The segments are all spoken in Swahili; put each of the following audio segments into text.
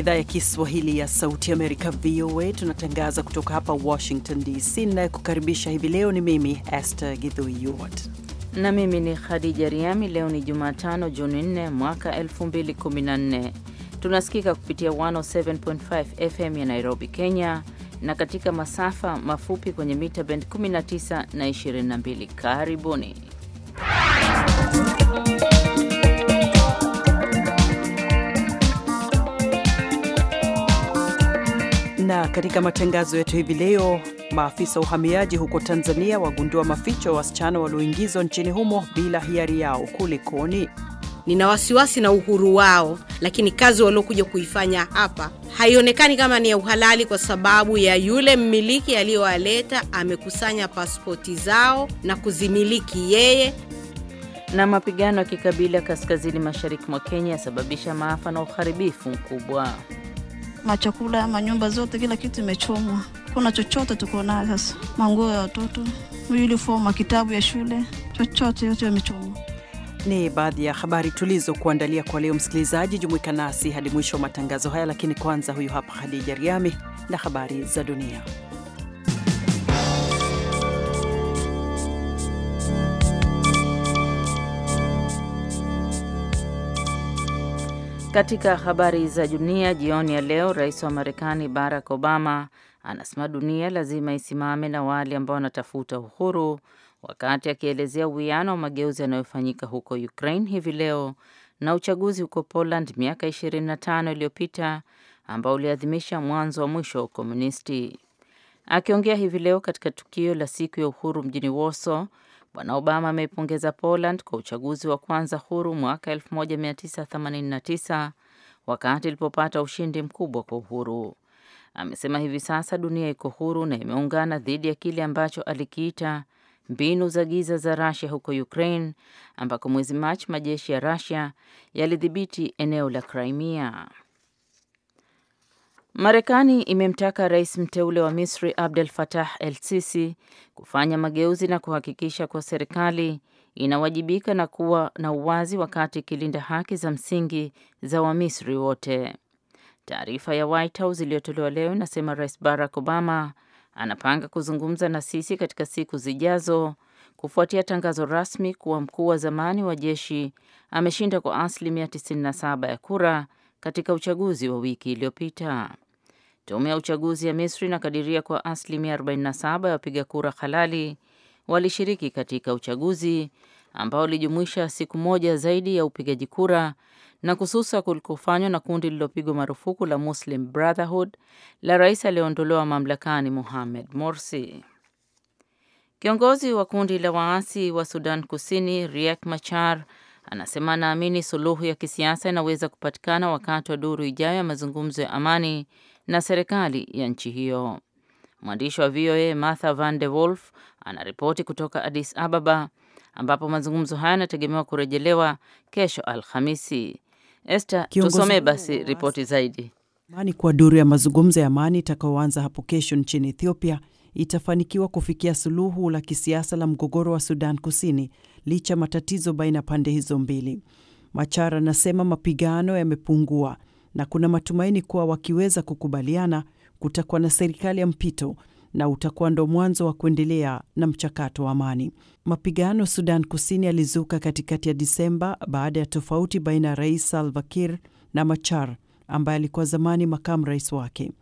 idhaa ya Kiswahili ya Sauti Amerika, VOA. Tunatangaza kutoka hapa Washington DC. Ninayekukaribisha hivi leo ni mimi Esther Githuiyot na mimi ni Khadija Riami. Leo ni Jumatano, Juni 4 mwaka 2014. Tunasikika kupitia 107.5 FM ya Nairobi, Kenya, na katika masafa mafupi kwenye mita bend 19 na 22. Karibuni. na katika matangazo yetu hivi leo, maafisa wa uhamiaji huko Tanzania wagundua maficho ya wasichana walioingizwa nchini humo bila hiari yao. Kulikoni? Nina wasiwasi na uhuru wao, lakini kazi waliokuja kuifanya hapa haionekani kama ni ya uhalali, kwa sababu ya yule mmiliki aliyowaleta amekusanya pasipoti zao na kuzimiliki yeye. Na mapigano ya kikabila kaskazini mashariki mwa Kenya yasababisha maafa na uharibifu mkubwa machakula, manyumba zote, kila kitu imechomwa. Kuna chochote tuko nayo sasa, manguo ya watoto, uniform, makitabu ya shule, chochote yote imechomwa. Ni baadhi ya habari tulizokuandalia kwa leo. Msikilizaji, jumuika nasi hadi mwisho wa matangazo haya, lakini kwanza, huyu hapa Hadija Riami na habari za dunia. Katika habari za dunia jioni ya leo, rais wa Marekani Barack Obama anasema dunia lazima isimame na wale ambao wanatafuta uhuru, wakati akielezea uwiano wa mageuzi yanayofanyika huko Ukraine hivi leo na uchaguzi huko Poland miaka 25 iliyopita ambao uliadhimisha mwanzo wa mwisho wa ukomunisti Akiongea hivi leo katika tukio la siku ya uhuru mjini Warsaw, Bwana Obama ameipongeza Poland kwa uchaguzi wa kwanza huru mwaka 1989 wakati ilipopata ushindi mkubwa kwa uhuru. Amesema hivi sasa dunia iko huru na imeungana dhidi ya kile ambacho alikiita mbinu za giza za Russia huko Ukraine ambako mwezi Machi majeshi ya Russia yalidhibiti eneo la Crimea. Marekani imemtaka rais mteule wa Misri Abdel Fattah el-Sisi kufanya mageuzi na kuhakikisha kuwa serikali inawajibika na kuwa na uwazi wakati ikilinda haki za msingi za Wamisri wote. Taarifa ya White House iliyotolewa leo inasema Rais Barack Obama anapanga kuzungumza na Sisi katika siku zijazo kufuatia tangazo rasmi kuwa mkuu wa zamani wa jeshi ameshinda kwa asilimia 97 ya kura katika uchaguzi wa wiki iliyopita. Tume ya uchaguzi ya Misri inakadiria kwa asilimia 47 ya wapiga kura halali walishiriki katika uchaguzi ambao ulijumuisha siku moja zaidi ya upigaji kura na kususa kulikofanywa na kundi lililopigwa marufuku la Muslim Brotherhood la rais aliyeondolewa mamlakani Mohamed Morsi. Kiongozi wa kundi la waasi wa Sudan Kusini Riek Machar anasema anaamini suluhu ya kisiasa inaweza kupatikana wakati wa duru ijayo ya mazungumzo ya amani na serikali ya nchi hiyo. Mwandishi wa VOA Martha Van de Wolf anaripoti kutoka Addis Ababa ambapo mazungumzo haya yanategemewa kurejelewa kesho Alhamisi. Esther, tusomee basi ripoti zaidi. Imani kuwa duru ya mazungumzo ya amani itakayoanza hapo kesho nchini Ethiopia itafanikiwa kufikia suluhu la kisiasa la mgogoro wa Sudan Kusini licha matatizo baina ya pande hizo mbili. Machar anasema mapigano yamepungua na kuna matumaini kuwa wakiweza kukubaliana, kutakuwa na serikali ya mpito na utakuwa ndo mwanzo wa kuendelea na mchakato wa amani. Mapigano Sudan Kusini yalizuka katikati ya Disemba baada ya tofauti baina ya Rais Salva Kiir na Machar ambaye alikuwa zamani makamu rais wake.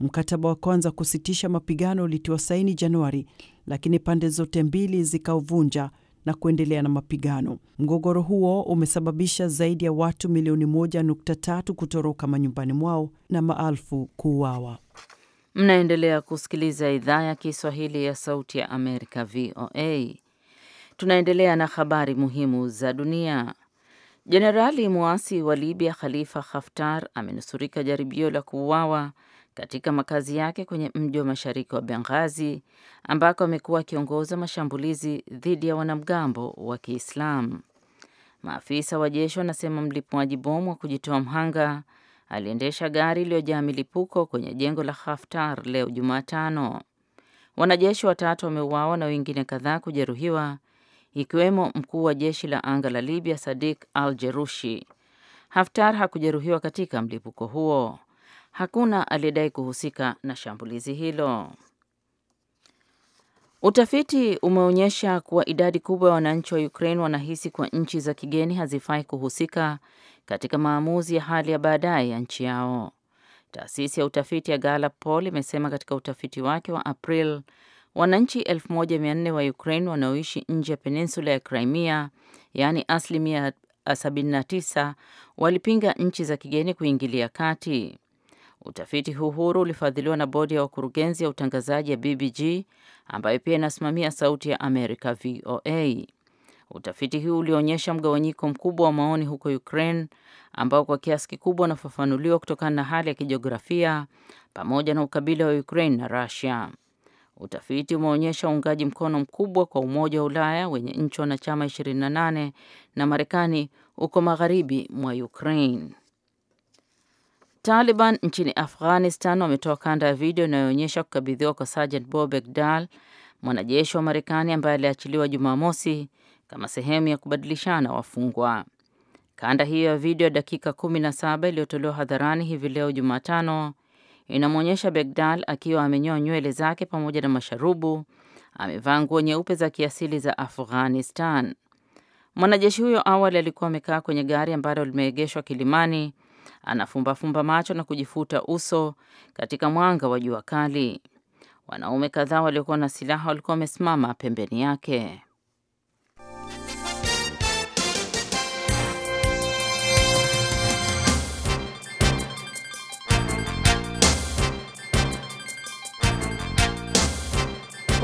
Mkataba wa kwanza kusitisha mapigano ulitiwa saini Januari, lakini pande zote mbili zikauvunja na kuendelea na mapigano. Mgogoro huo umesababisha zaidi ya watu milioni 13 kutoroka manyumbani mwao na maelfu kuuawa. Mnaendelea kusikiliza idhaa ya Kiswahili ya Sauti ya Amerika, VOA. Tunaendelea na habari muhimu za dunia. Jenerali mwasi wa Libya Khalifa Haftar amenusurika jaribio la kuuawa katika makazi yake kwenye mji wa mashariki wa Benghazi ambako amekuwa akiongoza mashambulizi dhidi ya wanamgambo wa Kiislamu. Maafisa wa jeshi wanasema mlipuaji bomu wa kujitoa mhanga aliendesha gari iliyojaa milipuko kwenye jengo la Haftar leo Jumatano. Wanajeshi watatu wameuawa na wengine kadhaa kujeruhiwa, ikiwemo mkuu wa jeshi la anga la Libya Sadik Al Jerushi. Haftar hakujeruhiwa katika mlipuko huo. Hakuna aliyedai kuhusika na shambulizi hilo. Utafiti umeonyesha kuwa idadi kubwa ya wananchi wa Ukraine wanahisi kuwa nchi za kigeni hazifai kuhusika katika maamuzi ya hali ya baadaye ya nchi yao. Taasisi ya utafiti ya Gallup Poll imesema katika utafiti wake wa April wananchi 1400 wa Ukraine wanaoishi nje ya peninsula ya Crimea, yaani asilimia 79, walipinga nchi za kigeni kuingilia kati. Utafiti huu huru ulifadhiliwa na bodi ya wakurugenzi ya utangazaji ya BBG ambayo pia inasimamia sauti ya Amerika VOA. Utafiti huu ulionyesha mgawanyiko mkubwa wa maoni huko Ukraine ambao kwa kiasi kikubwa unafafanuliwa kutokana na hali ya kijiografia pamoja na ukabila wa Ukraine na Russia. Utafiti umeonyesha uungaji mkono mkubwa kwa Umoja wa Ulaya wenye nchi wanachama 28 na Marekani uko magharibi mwa Ukraine. Taliban nchini Afghanistan wametoa kanda ya video inayoonyesha kukabidhiwa kwa Sergeant Bo Begdal, mwanajeshi wa Marekani ambaye aliachiliwa Jumamosi kama sehemu ya kubadilishana wafungwa. Kanda hiyo ya video ya dakika 17 iliyotolewa hadharani hivi leo Jumatano inamwonyesha Begdal akiwa amenyoa nywele zake pamoja na masharubu, amevaa nguo nyeupe za kiasili za Afghanistan. Mwanajeshi huyo awali alikuwa amekaa kwenye gari ambalo limeegeshwa kilimani anafumbafumba macho na kujifuta uso katika mwanga wa jua kali. Wanaume kadhaa waliokuwa na silaha walikuwa wamesimama pembeni yake.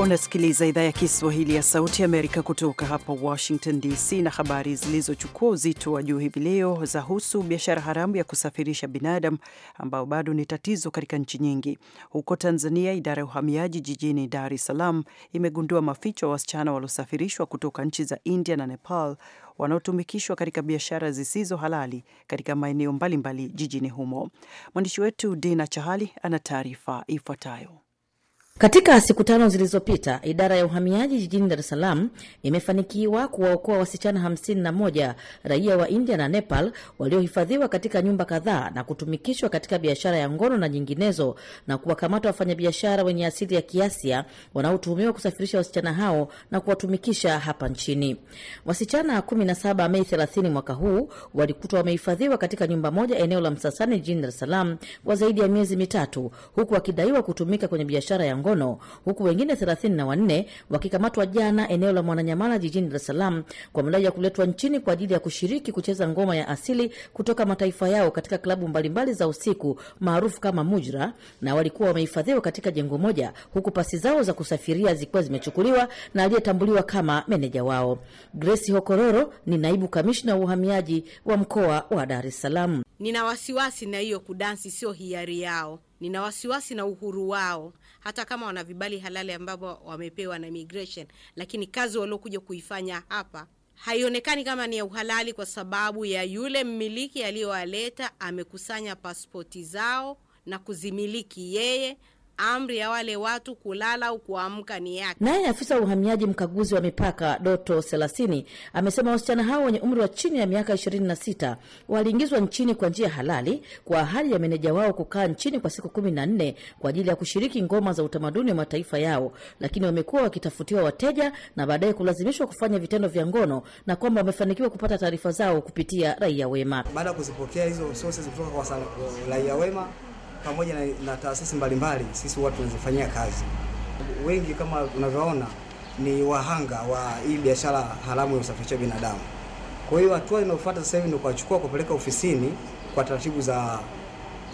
Unasikiliza idhaa ya Kiswahili ya Sauti ya Amerika kutoka hapa Washington DC, na habari zilizochukua uzito wa juu hivi leo husu biashara haramu ya kusafirisha binadamu ambayo bado ni tatizo katika nchi nyingi. Huko Tanzania, idara ya uhamiaji jijini Dar es Salaam imegundua maficho ya wasichana waliosafirishwa kutoka nchi za India na Nepal wanaotumikishwa katika biashara zisizo halali katika maeneo mbalimbali jijini humo. Mwandishi wetu Dina Chahali ana taarifa ifuatayo. Katika siku tano zilizopita idara ya uhamiaji jijini Dar es Salaam imefanikiwa kuwaokoa wasichana hamsini na moja raia wa India na Nepal waliohifadhiwa katika nyumba kadhaa na kutumikishwa katika biashara ya ngono na nyinginezo na kuwakamata wafanyabiashara wenye asili ya Kiasia wanaotuhumiwa kusafirisha wasichana hao na kuwatumikisha hapa nchini. Wasichana 17 Mei 30 mwaka huu walikutwa wamehifadhiwa katika nyumba moja eneo la Msasani jijini Dar es Salaam kwa zaidi ya miezi mitatu, huku wakidaiwa kutumika kwenye biashara ya ngono huku wengine thelathini na wanne wakikamatwa jana eneo la Mwananyamala jijini Dar es Salaam kwa madai ya kuletwa nchini kwa ajili ya kushiriki kucheza ngoma ya asili kutoka mataifa yao katika klabu mbalimbali za usiku maarufu kama Mujra, na walikuwa wamehifadhiwa katika jengo moja huku pasi zao za kusafiria zikiwa zimechukuliwa na aliyetambuliwa kama meneja wao. Grace Hokororo ni naibu kamishna wa uhamiaji wa mkoa wa Dar es Salaam. Nina wasiwasi na hiyo kudansi sio hiari yao. Nina wasiwasi na uhuru wao, hata kama wana vibali halali ambavyo wamepewa na immigration, lakini kazi waliokuja kuifanya hapa haionekani kama ni ya uhalali, kwa sababu ya yule mmiliki aliyowaleta amekusanya pasipoti zao na kuzimiliki yeye amri ya wale watu kulala au kuamka ni yake. Naye afisa wa uhamiaji mkaguzi wa mipaka Doto Selasini amesema wasichana hao wenye umri wa chini ya miaka sita waliingizwa nchini kwa njia halali kwa ahadi ya meneja wao kukaa nchini kwa siku kumi na nne kwa ajili ya kushiriki ngoma za utamaduni wa mataifa yao, lakini wamekuwa wakitafutiwa wateja na baadaye kulazimishwa kufanya vitendo vya ngono na kwamba wamefanikiwa kupata taarifa zao kupitia Raia Wema. Baada ya kuzipokea hizo sources kutoka kwa Raia Wema pamoja na, na taasisi mbalimbali sisi watu tunazifanyia kazi. Wengi kama unavyoona ni wahanga wa hii biashara haramu ya usafirishaji binadamu. Kwa hiyo hatua inayofuata sasa hivi ni kuwachukua kupeleka ofisini kwa taratibu za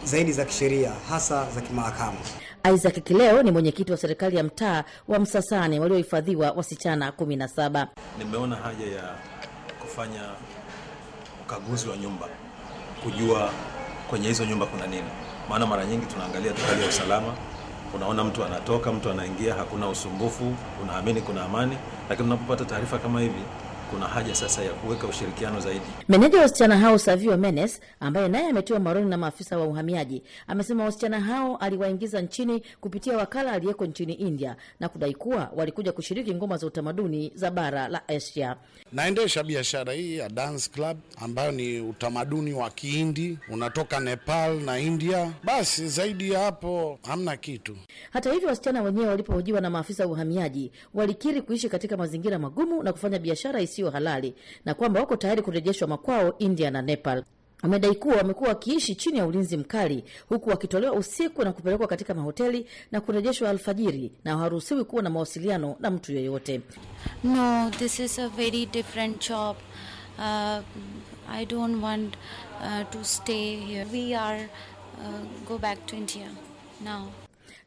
zaidi za kisheria hasa za kimahakama. Isaac Kileo ni mwenyekiti wa serikali ya mtaa wa Msasani waliohifadhiwa wasichana 17. Nimeona haja ya kufanya ukaguzi wa nyumba, kujua kwenye hizo nyumba kuna nini maana mara nyingi tunaangalia tu hali ya usalama, unaona mtu anatoka, mtu anaingia, hakuna usumbufu, unaamini kuna amani, lakini unapopata taarifa kama hivi kuna haja sasa ya kuweka ushirikiano zaidi. Meneja wa wasichana hao Savio Menes, ambaye naye ametiwa maroni na maafisa wa uhamiaji, amesema wasichana hao aliwaingiza nchini kupitia wakala aliyeko nchini India na kudai kuwa walikuja kushiriki ngoma za utamaduni za bara la Asia. Naendesha biashara hii ya dance club ambayo ni utamaduni wa Kihindi, unatoka Nepal na India. Basi zaidi ya hapo hamna kitu. Hata hivyo, wasichana wenyewe walipohojiwa na maafisa wa uhamiaji walikiri kuishi katika mazingira magumu na kufanya biashara isi sio halali na kwamba wako tayari kurejeshwa makwao India na Nepal. Wamedai kuwa wamekuwa wakiishi chini ya ulinzi mkali huku wakitolewa usiku na kupelekwa katika mahoteli na kurejeshwa alfajiri na hawaruhusiwi kuwa na mawasiliano na mtu yoyote. No, this is a very different job. Uh, I don't want uh, to stay here. We are uh, go back to India now.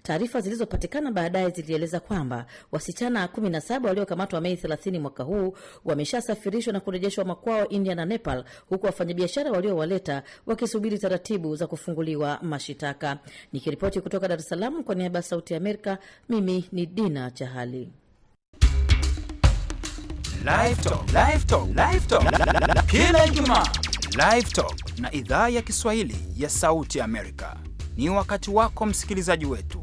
Taarifa zilizopatikana baadaye zilieleza kwamba wasichana 17 waliokamatwa Mei 30 mwaka huu wameshasafirishwa na kurejeshwa makwao India na Nepal, huku wafanyabiashara waliowaleta wakisubiri taratibu za kufunguliwa mashitaka. Nikiripoti kutoka Dar es Salaam kwa niaba ya Sauti ya Amerika, mimi ni Dina Chahali. Kila Ijumaa na idhaa ya Kiswahili ya Sauti Amerika ni wakati wako msikilizaji wetu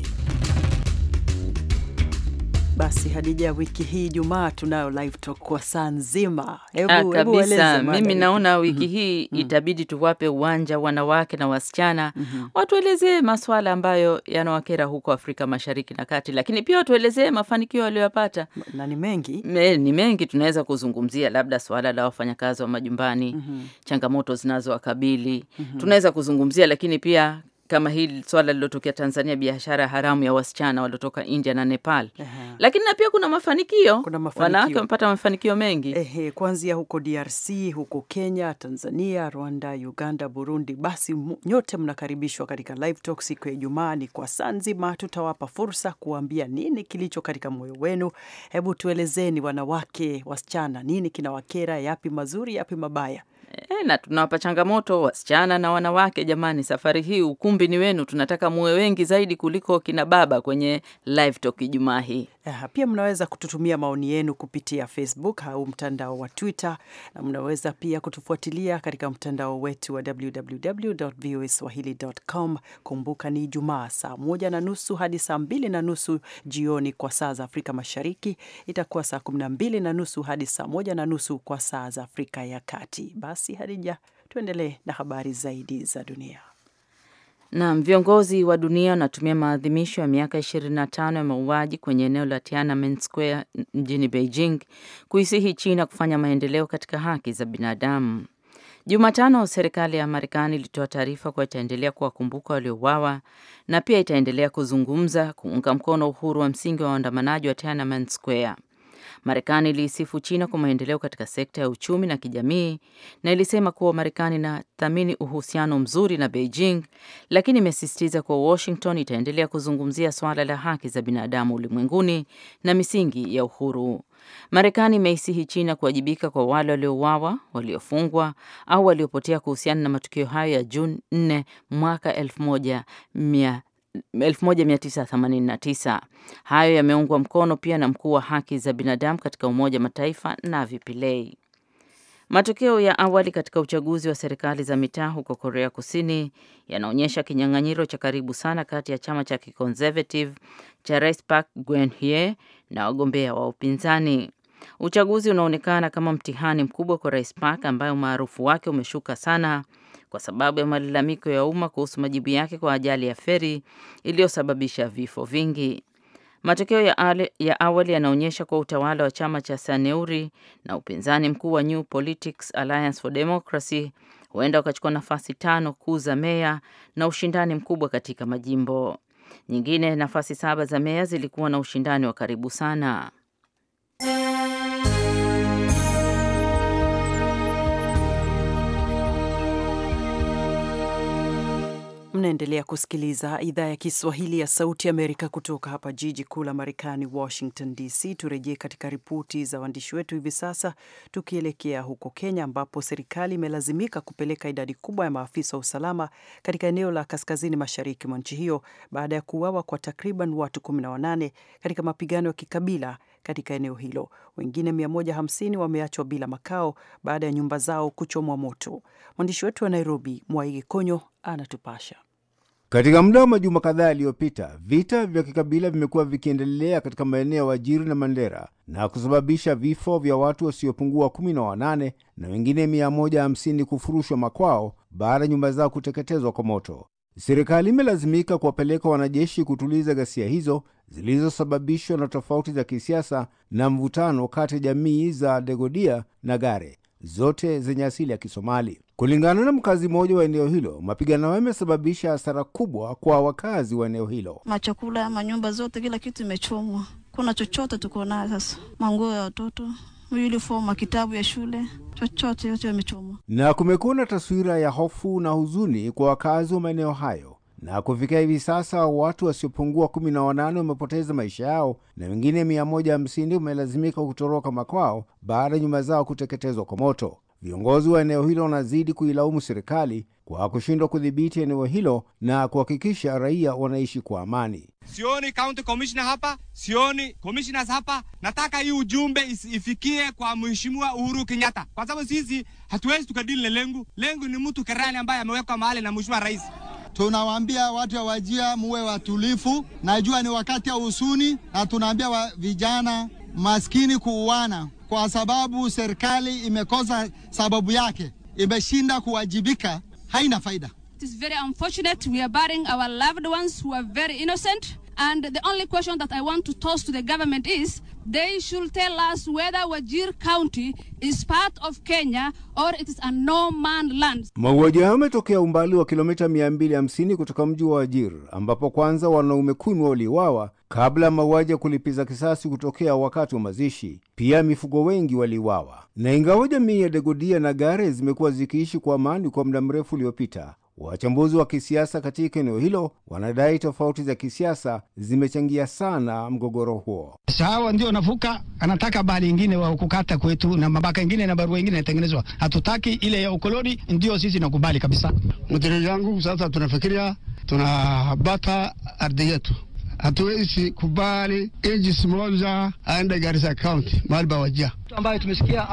Basi Hadija, wiki hii jumaa tunayo live talk kwa saa nzima. Ah, kabisa, mimi naona wiki mhm. hii mm -hmm. itabidi tuwape uwanja wanawake na wasichana mm -hmm. watuelezee maswala ambayo yanawakera huko Afrika Mashariki na Kati, lakini pia watuelezee mafanikio waliyoyapata na ni mengi Me, ni mengi. Tunaweza kuzungumzia labda swala la wafanyakazi wa majumbani mm -hmm. changamoto zinazowakabili mm -hmm. tunaweza kuzungumzia, lakini pia kama hili swala lilotokea Tanzania, biashara haramu ya wasichana waliotoka India na Nepal. Aha. Lakini na pia kuna mafanikio, kuna mafanikio. Wanawake wamepata mafanikio mengi ehe, kuanzia huko DRC, huko Kenya, Tanzania, Rwanda, Uganda, Burundi. Basi nyote mnakaribishwa katika live talk siku ya Ijumaa. Ni kwa saa nzima tutawapa fursa kuambia nini kilicho katika moyo wenu. Hebu tuelezeni, wanawake, wasichana, nini kinawakera, yapi mazuri, yapi mabaya. E, na tunawapa changamoto wasichana na wanawake. Jamani, safari hii ukumbi ni wenu, tunataka muwe wengi zaidi kuliko kina baba kwenye live talk Ijumaa hii. Aha, eh, pia mnaweza kututumia maoni yenu kupitia Facebook au mtandao wa Twitter, na mnaweza pia kutufuatilia katika mtandao wetu wa www.voaswahili.com. Kumbuka ni Ijumaa saa moja na nusu hadi saa mbili na nusu jioni kwa saa za Afrika Mashariki, itakuwa saa kumi na mbili na nusu hadi saa moja na nusu kwa saa za Afrika ya Kati. Basi Hadija, tuendelee na habari zaidi za dunia. Naam, viongozi wa dunia wanatumia maadhimisho ya miaka 25 ya mauaji kwenye eneo la Tiananmen Square mjini Beijing kuisihi China kufanya maendeleo katika haki za binadamu. Jumatano, serikali ya Marekani ilitoa taarifa kuwa itaendelea kuwakumbuka waliouawa na pia itaendelea kuzungumza kuunga mkono uhuru wa msingi wa waandamanaji wa Tiananmen Square. Marekani iliisifu China kwa maendeleo katika sekta ya uchumi na kijamii na ilisema kuwa Marekani inathamini uhusiano mzuri na Beijing, lakini imesisitiza kuwa Washington itaendelea kuzungumzia swala la haki za binadamu ulimwenguni na misingi ya uhuru. Marekani imeisihi China kuwajibika kwa wale waliouawa, waliofungwa au waliopotea kuhusiana na matukio hayo ya Juni 4 mwaka 1989. Hayo yameungwa mkono pia na mkuu wa haki za binadamu katika Umoja wa Mataifa Navi Pillay. Matokeo ya awali katika uchaguzi wa serikali za mitaa huko Korea Kusini yanaonyesha kinyang'anyiro cha karibu sana kati ya chama cha kiconservative cha Rais Park Geun-hye na wagombea wa upinzani. Uchaguzi unaonekana kama mtihani mkubwa kwa Rais Park ambaye umaarufu wake umeshuka sana kwa sababu ya malalamiko ya umma kuhusu majibu yake kwa ajali ya feri iliyosababisha vifo vingi. Matokeo ya, ale, ya awali yanaonyesha kuwa utawala wa chama cha Saneuri na upinzani mkuu wa New Politics Alliance for Democracy huenda wakachukua nafasi tano kuu za meya na ushindani mkubwa katika majimbo nyingine. Nafasi saba za meya zilikuwa na ushindani wa karibu sana. Mnaendelea kusikiliza idhaa ya Kiswahili ya Sauti Amerika kutoka hapa jiji kuu la Marekani, Washington DC. Turejee katika ripoti za waandishi wetu hivi sasa, tukielekea huko Kenya ambapo serikali imelazimika kupeleka idadi kubwa ya maafisa wa usalama katika eneo la kaskazini mashariki mwa nchi hiyo baada ya kuuawa kwa takriban watu 18 katika mapigano ya kikabila katika eneo hilo. Wengine 150 wameachwa bila makao baada ya nyumba zao kuchomwa moto. Mwandishi wetu wa Nairobi, Mwaigi Konyo, anatupasha. Katika muda wa majuma kadhaa yaliyopita, vita vya kikabila vimekuwa vikiendelea katika maeneo ya Wajiri na Mandera na kusababisha vifo vya watu wasiopungua 18 na wengine 150 kufurushwa makwao baada ya nyumba zao kuteketezwa kwa moto. Serikali imelazimika kuwapeleka wanajeshi kutuliza ghasia hizo zilizosababishwa na tofauti za kisiasa na mvutano kati ya jamii za Degodia na Gare zote zenye asili ya Kisomali. Kulingana na mkazi mmoja wa eneo hilo, mapigano hayo yamesababisha hasara kubwa kwa wakazi wa eneo hilo. Machakula, manyumba zote, kila kitu imechomwa. Kuna chochote tuko nayo sasa, manguo ya watoto uniform, makitabu ya shule, chochote yote yamechomwa. Na kumekuwa na taswira ya hofu na huzuni kwa wakazi wa maeneo hayo na kufikia hivi sasa watu wasiopungua 18 wamepoteza maisha yao na wengine 150 wamelazimika kutoroka makwao baada ya nyumba zao kuteketezwa kwa moto. Viongozi wa eneo hilo wanazidi kuilaumu serikali kwa kushindwa kudhibiti eneo hilo na kuhakikisha raia wanaishi kwa amani. Sioni county commissioner hapa, sioni commissioners hapa. Nataka hii ujumbe ifikie kwa mheshimiwa Uhuru Kenyatta, kwa sababu sisi hatuwezi tukadili na lengu Lengu ni mtu kerani ambaye amewekwa mahali na mheshimiwa rais tunawaambia watu wa Wajia muwe watulifu, najua ni wakati wa husuni, na tunaambia wa vijana maskini kuuana kwa sababu serikali imekosa sababu yake, imeshinda kuwajibika, haina faida. It is very unfortunate. We are burying our loved ones who are very innocent. And the only question that I want to toss to the government is They should tell us whether Wajir County is part of Kenya or it is a no man land. Mauaji hayo yametokea umbali wa kilomita 250 kutoka mji wa Wajir ambapo kwanza wanaume kumi waliuawa kabla ya mauaji ya kulipiza kisasi kutokea wakati wa mazishi. Pia mifugo wengi waliuawa, na ingawa jamii ya Degodia na Gare zimekuwa zikiishi kwa amani kwa muda mrefu uliopita Wachambuzi wa kisiasa katika eneo hilo wanadai tofauti za kisiasa zimechangia sana mgogoro huo. Sasa hawa ndio wanavuka, anataka bahari ingine wa kukata kwetu na mabaka ingine na barua ingine inatengenezwa. Hatutaki ile ya ukoloni, ndio sisi nakubali kabisa. Mtiri yangu sasa, tunafikiria tunabata ardhi yetu hatuwezi kubali inji moja aende Garissa County mahali pawajia ambayo tumesikia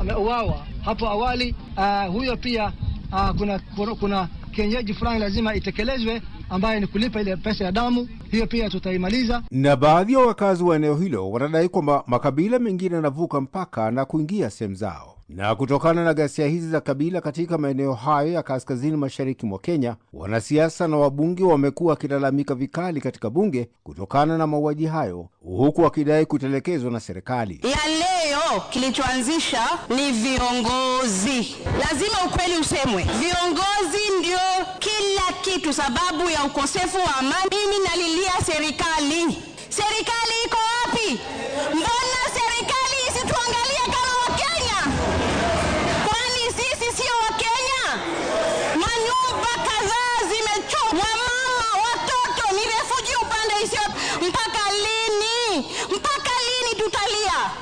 ameuawa hapo awali. Uh, huyo pia uh, kuna, kuna, kuna kienyeji fulani lazima itekelezwe, ambayo ni kulipa ile pesa ya damu. Hiyo pia tutaimaliza. Na baadhi ya wakazi wa eneo hilo wanadai kwamba makabila mengine yanavuka mpaka na kuingia sehemu zao. Na kutokana na ghasia hizi za kabila katika maeneo hayo ya kaskazini mashariki mwa Kenya, wanasiasa na wabunge wamekuwa wakilalamika vikali katika bunge kutokana na mauaji hayo, huku wakidai kutelekezwa na serikali ya leo. Kilichoanzisha ni viongozi, lazima ukweli usemwe. Viongozi ndio kila kitu, sababu ya ukosefu wa amani. Mimi nalilia serikali, serikali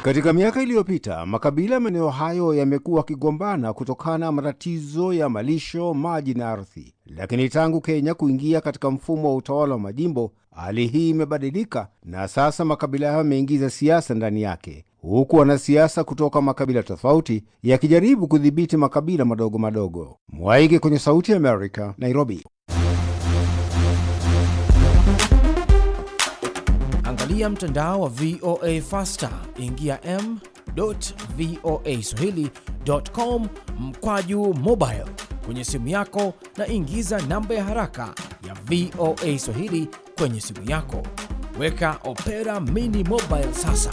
Katika miaka iliyopita makabila maeneo hayo yamekuwa akigombana kutokana na matatizo ya malisho, maji na ardhi, lakini tangu Kenya kuingia katika mfumo wa utawala wa majimbo, hali hii imebadilika na sasa makabila hayo yameingiza siasa ndani yake, huku wanasiasa kutoka makabila tofauti yakijaribu kudhibiti makabila madogo madogo. Mwaige kwenye Sauti ya Amerika, Nairobi. Angalia mtandao wa VOA Faster, ingia m.voaswahili.com mkwaju mobile kwenye simu yako na ingiza namba ya haraka ya VOA Swahili kwenye simu yako. Weka Opera Mini Mobile sasa.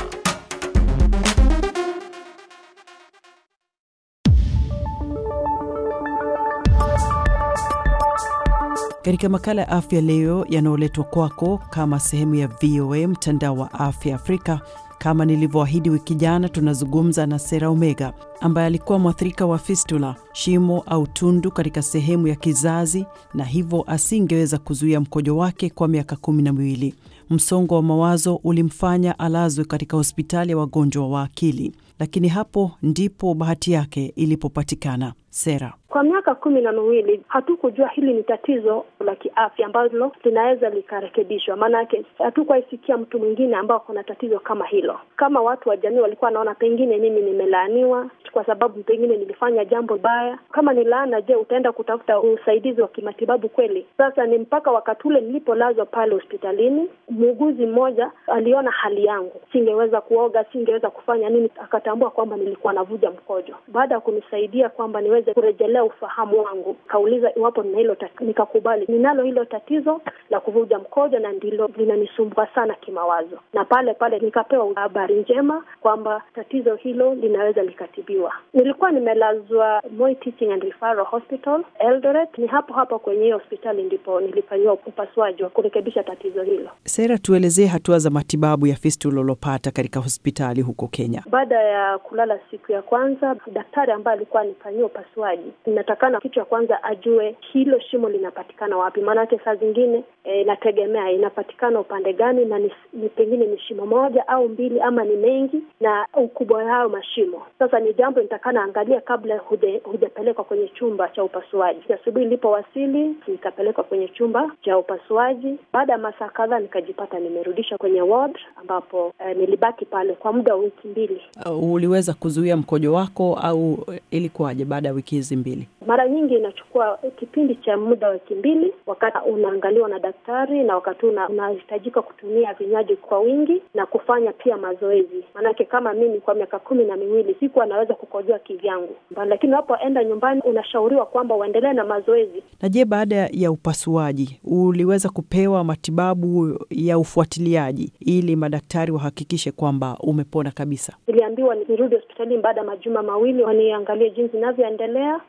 katika makala ya afya leo yanayoletwa kwako kama sehemu ya VOA mtandao wa afya Afrika. Kama nilivyoahidi wiki jana, tunazungumza na Sera Omega ambaye alikuwa mwathirika wa fistula, shimo au tundu katika sehemu ya kizazi, na hivyo asingeweza kuzuia mkojo wake kwa miaka kumi na miwili. Msongo wa mawazo ulimfanya alazwe katika hospitali ya wagonjwa wa akili, lakini hapo ndipo bahati yake ilipopatikana. Sera kwa miaka kumi na miwili hatukujua hili ni tatizo la kiafya ambalo linaweza likarekebishwa. Maana yake hatukuwaisikia mtu mwingine ambao kuna tatizo kama hilo. Kama watu wa jamii walikuwa wanaona pengine mimi nimelaaniwa kwa sababu pengine nilifanya jambo baya. Kama ni laana, je, utaenda kutafuta usaidizi wa kimatibabu kweli? Sasa ni mpaka wakati ule nilipolazwa pale hospitalini, muuguzi mmoja aliona hali yangu, singeweza kuoga, singeweza kufanya nini, akatambua kwamba nilikuwa navuja mkojo. Baada ya kunisaidia kwamba niweze kurejelea kuendelea ufahamu wangu. Kauliza iwapo nina hilo nikakubali, ninalo hilo tatizo la kuvuja mkojo na ndilo linanisumbua sana kimawazo, na pale pale nikapewa habari njema kwamba tatizo hilo linaweza likatibiwa. Nilikuwa nimelazwa Moi Teaching and Referral Hospital Eldoret, ni hapo hapo kwenye hiyo hospitali ndipo nilifanyiwa upasuaji wa kurekebisha tatizo hilo. Sera, tuelezee hatua za matibabu ya fistula ulopata katika hospitali huko Kenya. Baada ya kulala siku ya kwanza, daktari ambaye alikuwa anifanyia upasuaji inatakana kitu ya kwanza ajue hilo shimo linapatikana wapi, maanake saa zingine e, inategemea inapatikana upande gani, na ni, ni pengine ni shimo moja au mbili ama ni mengi, na ukubwa yao mashimo. Sasa ni jambo nitakana angalia kabla hujapelekwa kwenye chumba cha upasuaji. Asubuhi nilipowasili nikapelekwa kwenye chumba cha upasuaji. Baada ya masaa kadhaa nikajipata nimerudisha kwenye ward ambapo e, nilibaki pale kwa muda wa wiki mbili. Uh, uliweza kuzuia mkojo wako au eh, ilikuwaje baada ya wiki hizi mbili? dele. Mara nyingi inachukua kipindi cha muda wa wiki mbili, wakati unaangaliwa na daktari, na wakati unahitajika kutumia vinywaji kwa wingi na kufanya pia mazoezi. Maanake kama mimi kwa miaka kumi na miwili sikuwa naweza kukojoa kivyangu, lakini unapoenda nyumbani unashauriwa kwamba uendelee na mazoezi. Na je, baada ya upasuaji uliweza kupewa matibabu ya ufuatiliaji ili madaktari wahakikishe kwamba umepona kabisa? Niliambiwa nirudi hospitalini baada ya majuma mawili waniangalie jinsi inavyoendelea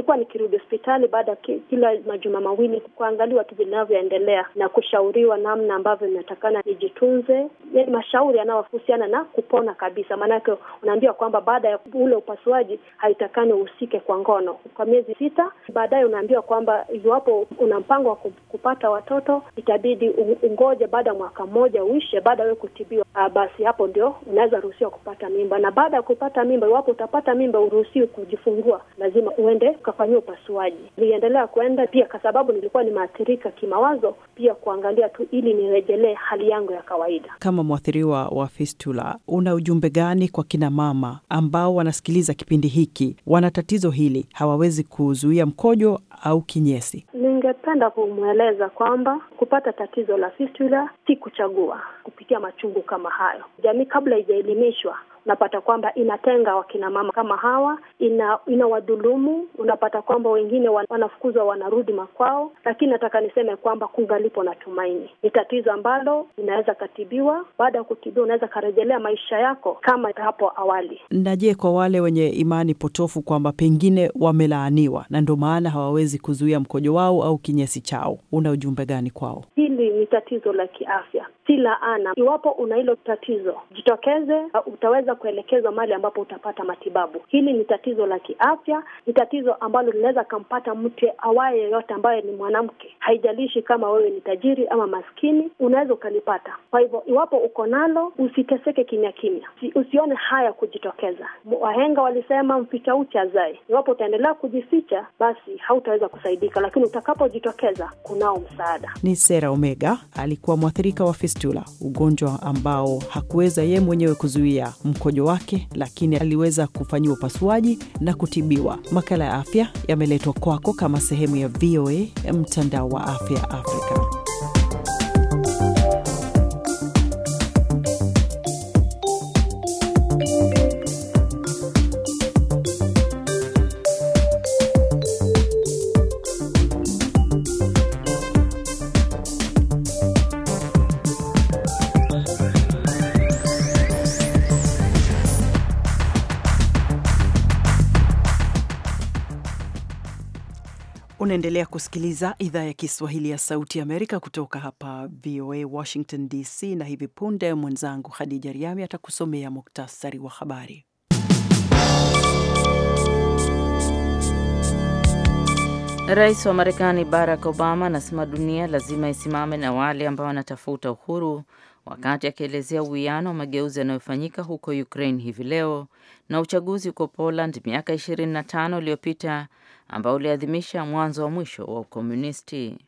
nilikuwa nikirudi hospitali baada ya kila majuma mawili kuangaliwa tu vinavyoendelea na kushauriwa namna ambavyo inatakana nijitunze, yani mashauri yanayohusiana na kupona kabisa. Maanake unaambiwa kwamba baada ya ule upasuaji haitakani uhusike kwa ngono kwa miezi sita. Baadaye unaambiwa kwamba iwapo una mpango wa kupata watoto itabidi ungoje baada ya mwaka mmoja uishe, baada ya kutibiwa, ah, basi hapo ndio unaweza ruhusiwa kupata mimba. Na baada ya kupata mimba, iwapo utapata mimba uruhusiwi kujifungua, lazima uende tukafanyia upasuaji. Niliendelea kuenda pia, kwa sababu nilikuwa nimeathirika kimawazo, pia kuangalia tu ili nirejelee hali yangu ya kawaida. Kama mwathiriwa wa fistula, una ujumbe gani kwa kina mama ambao wanasikiliza kipindi hiki, wana tatizo hili, hawawezi kuzuia mkojo au kinyesi? Ningependa kumweleza kwamba kupata tatizo la fistula si kuchagua kupitia machungu kama hayo. Jamii kabla haijaelimishwa unapata kwamba inatenga wakinamama kama hawa, ina inawadhulumu. Unapata kwamba wengine wanafukuzwa, wanarudi makwao. Lakini nataka niseme kwamba kungalipo na tumaini. Ni tatizo ambalo inaweza katibiwa. Baada ya kutibiwa, unaweza karejelea maisha yako kama hapo awali. Na je, kwa wale wenye imani potofu kwamba pengine wamelaaniwa na ndio maana hawawezi kuzuia mkojo wao au kinyesi chao, una ujumbe gani kwao? Hili ni tatizo la kiafya, si laana. Iwapo una hilo tatizo, jitokeze, utaweza unaweza kuelekezwa mahali ambapo utapata matibabu. Hili ni tatizo la kiafya, ni tatizo ambalo linaweza kampata mtu awaye yeyote ambaye ni mwanamke, haijalishi kama wewe ni tajiri ama maskini, unaweza ukalipata. Kwa hivyo, iwapo uko nalo, usiteseke kimya kimya, usione haya kujitokeza. Wahenga walisema mficha uchi azae. Iwapo utaendelea kujificha, basi hautaweza kusaidika, lakini utakapojitokeza, kunao msaada. Ni Sera Omega alikuwa mwathirika wa fistula, ugonjwa ambao hakuweza yeye mwenyewe kuzuia mkojo wake, lakini aliweza kufanyiwa upasuaji na kutibiwa. Makala ya afya yameletwa kwako kama sehemu ya VOA mtandao wa afya Afrika. Unaendelea kusikiliza idhaa ya Kiswahili ya Sauti ya Amerika kutoka hapa VOA Washington DC, na hivi punde mwenzangu Khadija Riami atakusomea muktasari wa habari. Rais wa Marekani Barack Obama anasema dunia lazima isimame na wale ambao wanatafuta uhuru, wakati akielezea uwiano wa mageuzi yanayofanyika huko Ukraine hivi leo na uchaguzi huko Poland miaka 25 iliyopita ambao uliadhimisha mwanzo wa mwisho wa ukomunisti.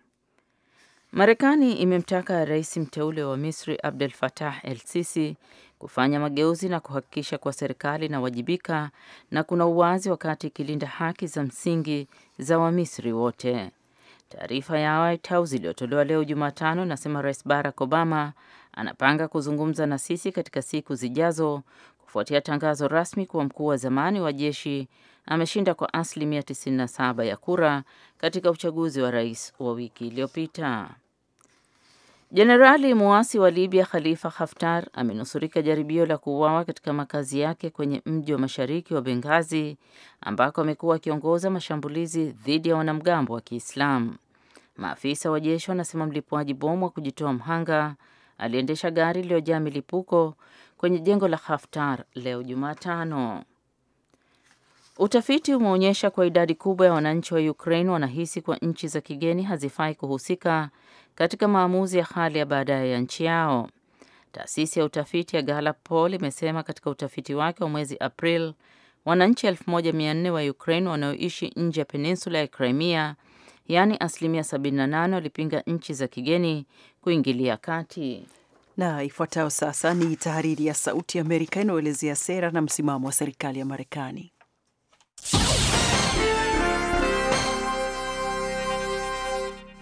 Marekani imemtaka rais mteule wa Misri Abdel Fattah El Sisi kufanya mageuzi na kuhakikisha kuwa serikali inawajibika na kuna uwazi wakati ikilinda haki za msingi za Wamisri wote. Taarifa ya White House iliyotolewa leo Jumatano inasema Rais Barack Obama anapanga kuzungumza na Sisi katika siku zijazo kufuatia tangazo rasmi kuwa mkuu wa zamani wa jeshi ameshinda kwa asilimia 97 ya kura katika uchaguzi wa rais wa wiki iliyopita. Jenerali muasi wa Libya Khalifa Haftar amenusurika jaribio la kuuawa katika makazi yake kwenye mji wa mashariki wa Benghazi ambako amekuwa akiongoza mashambulizi dhidi ya wanamgambo wa Kiislamu. Maafisa wa jeshi wanasema mlipuaji bomu wa kujitoa mhanga aliendesha gari iliyojaa milipuko kwenye jengo la Haftar leo Jumatano. Utafiti umeonyesha kwa idadi kubwa ya wananchi wa Ukraine wanahisi kuwa nchi za kigeni hazifai kuhusika katika maamuzi ya hali ya baadaye ya nchi yao. Taasisi ya utafiti ya Gallup Poll imesema katika utafiti wake wa mwezi April, wananchi 1400 wa Ukraine wanaoishi nje ya peninsula ya Crimea, yaani asilimia 78, walipinga nchi za kigeni kuingilia kati. Na ifuatayo sasa ni tahariri ya Sauti ya Amerika inayoelezea sera na msimamo wa serikali ya Marekani.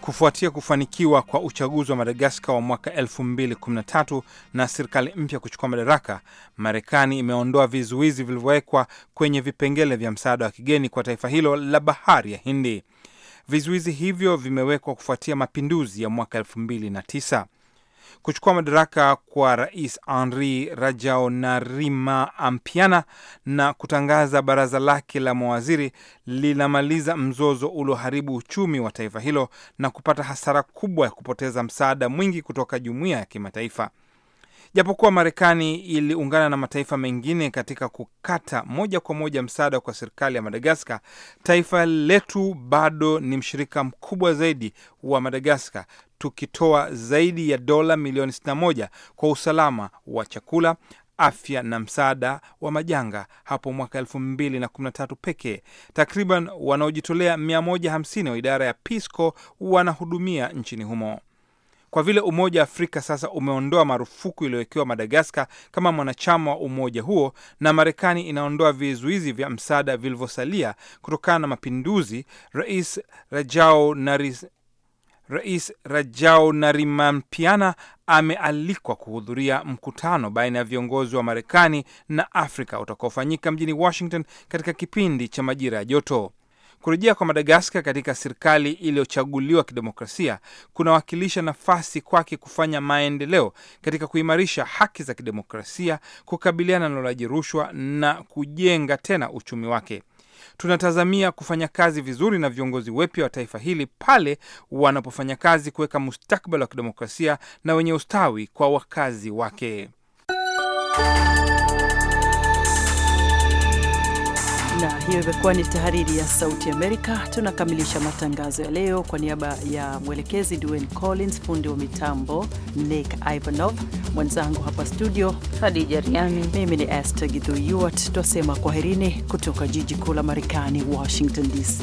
Kufuatia kufanikiwa kwa uchaguzi wa Madagaskar wa mwaka 2013 na serikali mpya kuchukua madaraka, Marekani imeondoa vizuizi vilivyowekwa kwenye vipengele vya msaada wa kigeni kwa taifa hilo la bahari ya Hindi. Vizuizi hivyo vimewekwa kufuatia mapinduzi ya mwaka 2009 kuchukua madaraka kwa Rais Henri ampiana na kutangaza baraza lake la mawaziri linamaliza mzozo ulioharibu uchumi wa taifa hilo na kupata hasara kubwa ya kupoteza msaada mwingi kutoka jumuiya ya kimataifa. Japokuwa Marekani iliungana na mataifa mengine katika kukata moja kwa moja msaada kwa serikali ya Madagaskar, taifa letu bado ni mshirika mkubwa zaidi wa Madagaskar, tukitoa zaidi ya dola milioni 61 kwa usalama wa chakula, afya na msaada wa majanga hapo mwaka 2013 pekee. Takriban wanaojitolea 150 wa idara ya pisco wanahudumia nchini humo. Kwa vile Umoja wa Afrika sasa umeondoa marufuku iliyowekewa Madagaskar kama mwanachama wa umoja huo, na Marekani inaondoa vizuizi vya msaada vilivyosalia kutokana na mapinduzi, Rais Rajao Naris Rais Rajao Narimampiana amealikwa kuhudhuria mkutano baina ya viongozi wa Marekani na Afrika utakaofanyika mjini Washington katika kipindi cha majira ya joto. Kurejea kwa Madagaskar katika serikali iliyochaguliwa kidemokrasia kunawakilisha nafasi kwake kufanya maendeleo katika kuimarisha haki za kidemokrasia, kukabiliana na ulaji rushwa na kujenga tena uchumi wake. Tunatazamia kufanya kazi vizuri na viongozi wepya wa taifa hili pale wanapofanya kazi kuweka mustakabali wa kidemokrasia na wenye ustawi kwa wakazi wake. na hiyo imekuwa ni tahariri ya Sauti Amerika. Tunakamilisha matangazo ya leo kwa niaba ya mwelekezi Dwayne Collins, fundi wa mitambo Nick Ivanov, mwenzangu hapa studio Hadija Riami, mimi ni Esther Githyuart, twasema kwaherini kutoka jiji kuu la Marekani, Washington DC.